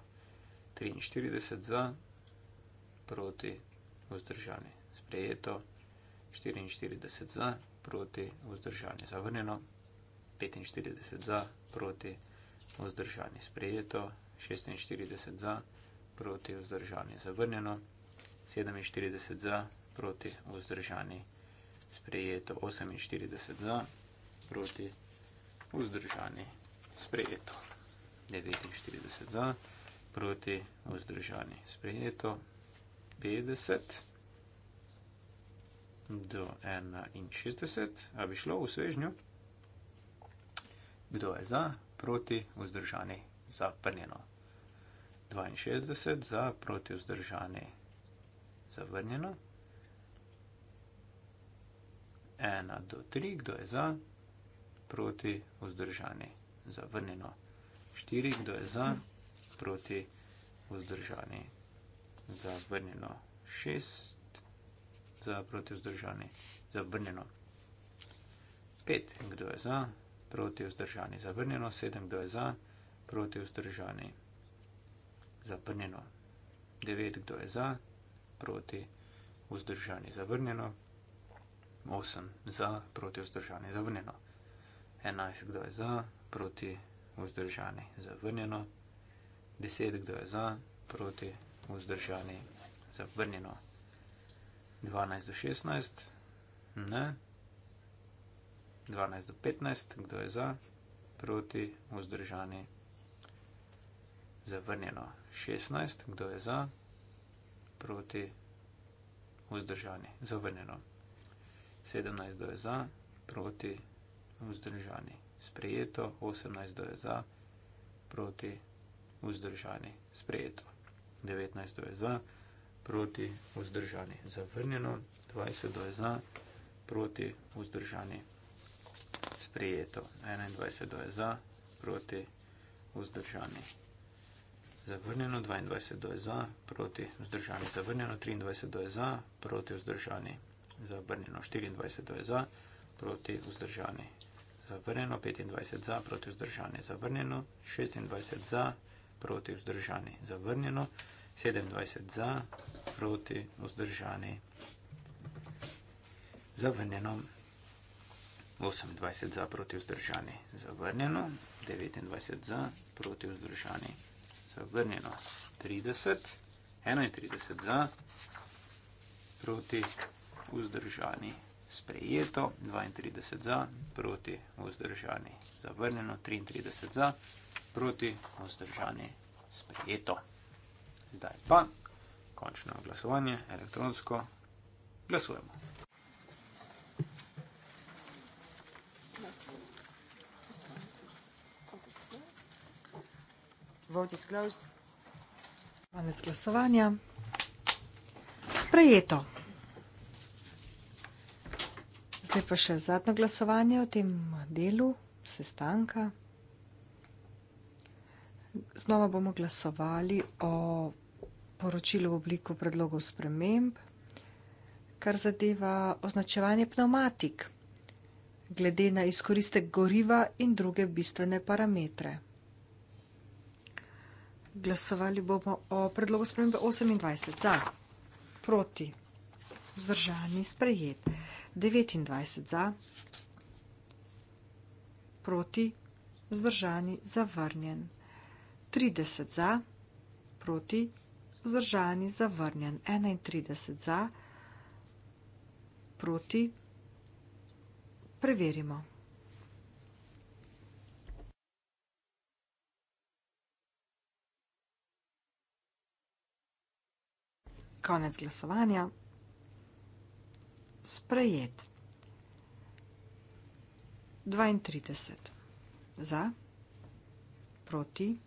43 za, proti, vzdržani, sprejeto. 44 za, proti, vzdržani, zavrnjeno. 45 za, proti, vzdržani, sprejeto. 46 za, proti, vzdržani, zavrnjeno. 47 za, proti, vzdržani, sprejeto. 48 za, proti, vzdržani, sprejeto proti, vzdržani, sprejeto. 49 za, proti, vzdržani, sprejeto. 50 do 61, a bi šlo v svežnju. Kdo je za, proti, vzdržani, zaprnjeno. 62 za, proti, vzdržani, zavrnjeno. 1 do 3, kdo je za, proti, vzdržani, zavrnjeno. 4, kdo je za, proti, vzdržani, zavrnjeno. 6, za, proti, vzdržani, zavrnjeno. 5, kdo je za, proti, vzdržani, zavrnjeno. 7, kdo je za, proti, vzdržani, zavrnjeno. 9, kdo je za, proti, vzdržani, zavrnjeno. 8, za, proti, vzdržani, zavrnjeno. 10, kdo je za, proti, vzdržani, zavrnjeno. 11, kdo je za, proti, vzdržani, zavrnjeno, 10, kdo je za, proti, vzdržani, zavrnjeno, 12 do 16, ne, 12 do 15, kdo je za, proti, vzdržani, zavrnjeno, 16, kdo je za, proti, vzdržani, zavrnjeno, 17, kdo je za, proti, vzdržani, zavrnjeno, vzdržani. Sprejeto, 18 do je za, proti vzdržani. Sprejeto, 19 do je za, proti vzdržani. Zavrnjeno, 20 do je za, proti vzdržani. Sprejeto, 21 do je za, proti vzdržani. Zavrnjeno, 22 do je za, proti vzdržani. Zavrnjeno, 23 do je za, proti vzdržani. Zavrnjeno, 24 do je za, proti vzdržani zavrnjeno, 25 za, proti vzdržani zavrnjeno, 26 za, proti vzdržani zavrnjeno, 27 za, proti vzdržani zavrnjeno, 28 za, proti vzdržani zavrnjeno, 29 za, proti vzdržani zavrnjeno, 30, 31 za, proti vzdržani zavrnjeno sprejeto, 32 za, proti, vzdržani, zavrnjeno, 33 za, proti, vzdržani, sprejeto. Zdaj pa, končno glasovanje, elektronsko, glasujemo. Vote is closed. Konec glasovanja. Sprejeto. Zdaj pa še zadnje glasovanje v tem delu sestanka. Znova bomo glasovali o poročilu v obliku predlogov sprememb, kar zadeva označevanje pneumatik glede na izkoristek goriva in druge bistvene parametre. Glasovali bomo o predlogu spremembe 28 za, proti, vzdržani, sprejeti. 29 za, proti, vzdržani, zavrnjen. 30 za, proti, vzdržani, zavrnjen. 31 za, proti, preverimo. Konec glasovanja sprejet. 32. Za. Proti.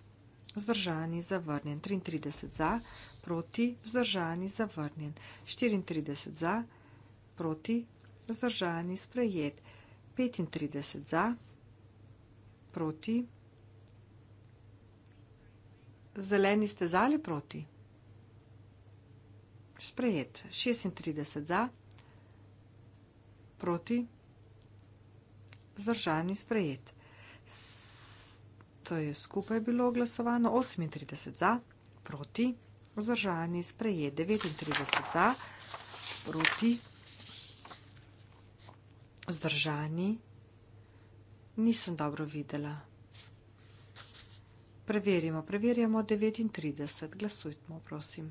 Zdržani, zavrnjen. 33 za, proti, zdržani, zavrnjen. 34 za, proti, zdržani, sprejet. 35 za, proti. Zeleni ste za ali proti? Sprejet. 36 za, proti, zdržani sprejet. To je skupaj bilo glasovano 38 za, proti, vzdržani sprejet 39 za, proti, vzdržani. Nisem dobro videla. Preverimo, preverjamo 39, glasujmo, prosim.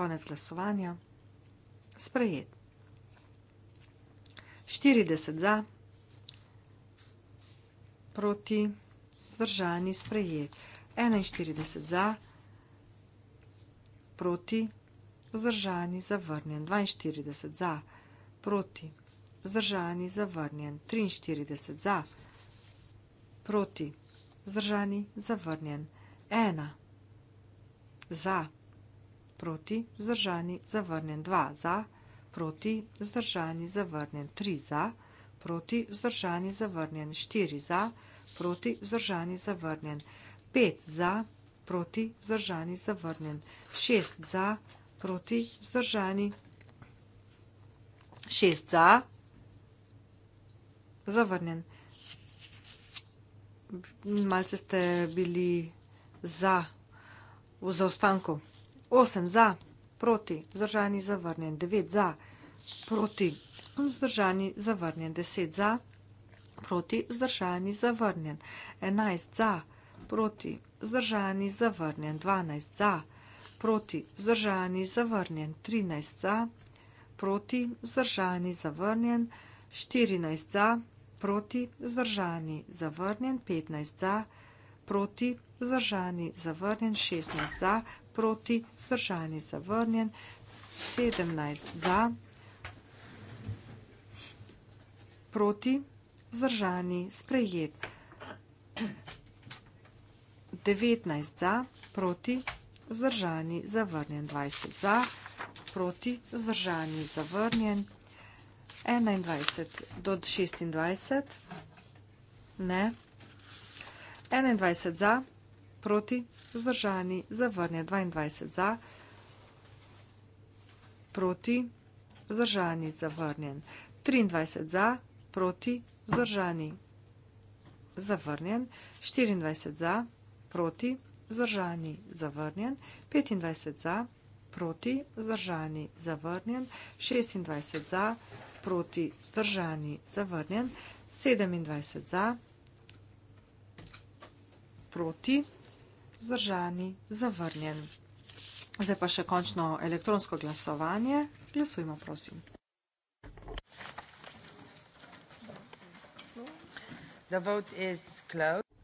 konec glasovanja. Sprejet. 40 za, proti, zdržani, sprejet. 41 za, proti, zdržani, zavrnjen. 42 za, proti, zdržani, zavrnjen. 43 za, proti, zdržani, zavrnjen. 1 za, proti, zdržani, zavrnjen proti, vzdržani, zavrnjen 2 za, proti, vzdržani, zavrnjen 3 za, proti, vzdržani, zavrnjen 4 za, proti, vzdržani, zavrnjen 5 za, proti, vzdržani, zavrnjen 6 za, proti, vzdržani 6 za, zavrnjen. Malce ste bili za. V zaostanku. 8 za, proti, vzdržani, zavrnjen, 9 za, proti, vzdržani, zavrnjen, 10 za, proti, vzdržani, zavrnjen, 11 za, proti, vzdržani, zavrnjen, 12 za, proti, vzdržani, zavrnjen, 13 za, proti, vzdržani, zavrnjen, 14 za, proti, vzdržani, zavrnjen, 15 za, proti, vzdržani, zavrnjen, 16 za, proti, vzdržani zavrnjen, 17 za, proti, vzdržani sprejet, 19 za, proti, vzdržani zavrnjen, 20 za, proti, vzdržani zavrnjen, 21 do 26, ne, 21 za, proti, vzdržani zavrnjen, 21 za, proti, vzdržani zavrnjen, 21 za, proti, vzdržani, zavrnje 22 za, proti, vzdržani, zavrnjen. 23 za, proti, vzdržani, zavrnjen. 24 za, proti, vzdržani, zavrnjen. 25 za, proti, vzdržani, zavrnjen. 26 za, proti, vzdržani, zavrnjen. 27 za, proti, vzdržani, zavrnjen vzdržani, zavrnjen. Zdaj pa še končno elektronsko glasovanje. Glasujmo, prosim.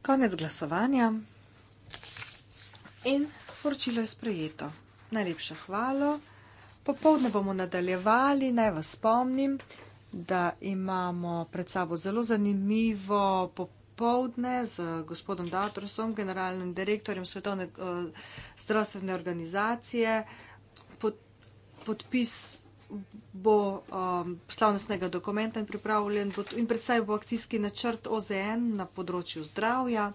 Konec glasovanja in poročilo je sprejeto. Najlepša hvala. Popovdne bomo nadaljevali, naj vas spomnim, da imamo pred sabo zelo zanimivo popoldne popovdne z gospodom Datrosom, generalnim direktorjem Svetovne eh, zdravstvene organizacije. Pod, podpis bo um, eh, slavnostnega dokumenta in pripravljen bo in predstavil bo akcijski načrt OZN na področju zdravja.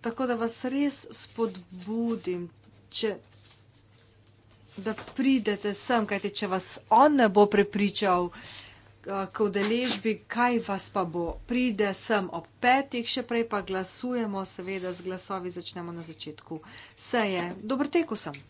Tako da vas res spodbudim, če, da pridete sem, kajte če vas on ne bo prepričal, uh, Eh, k udeležbi, kaj vas pa bo. Pride sem ob petih, še prej pa glasujemo, seveda z glasovi začnemo na začetku seje. Dobro teko sem.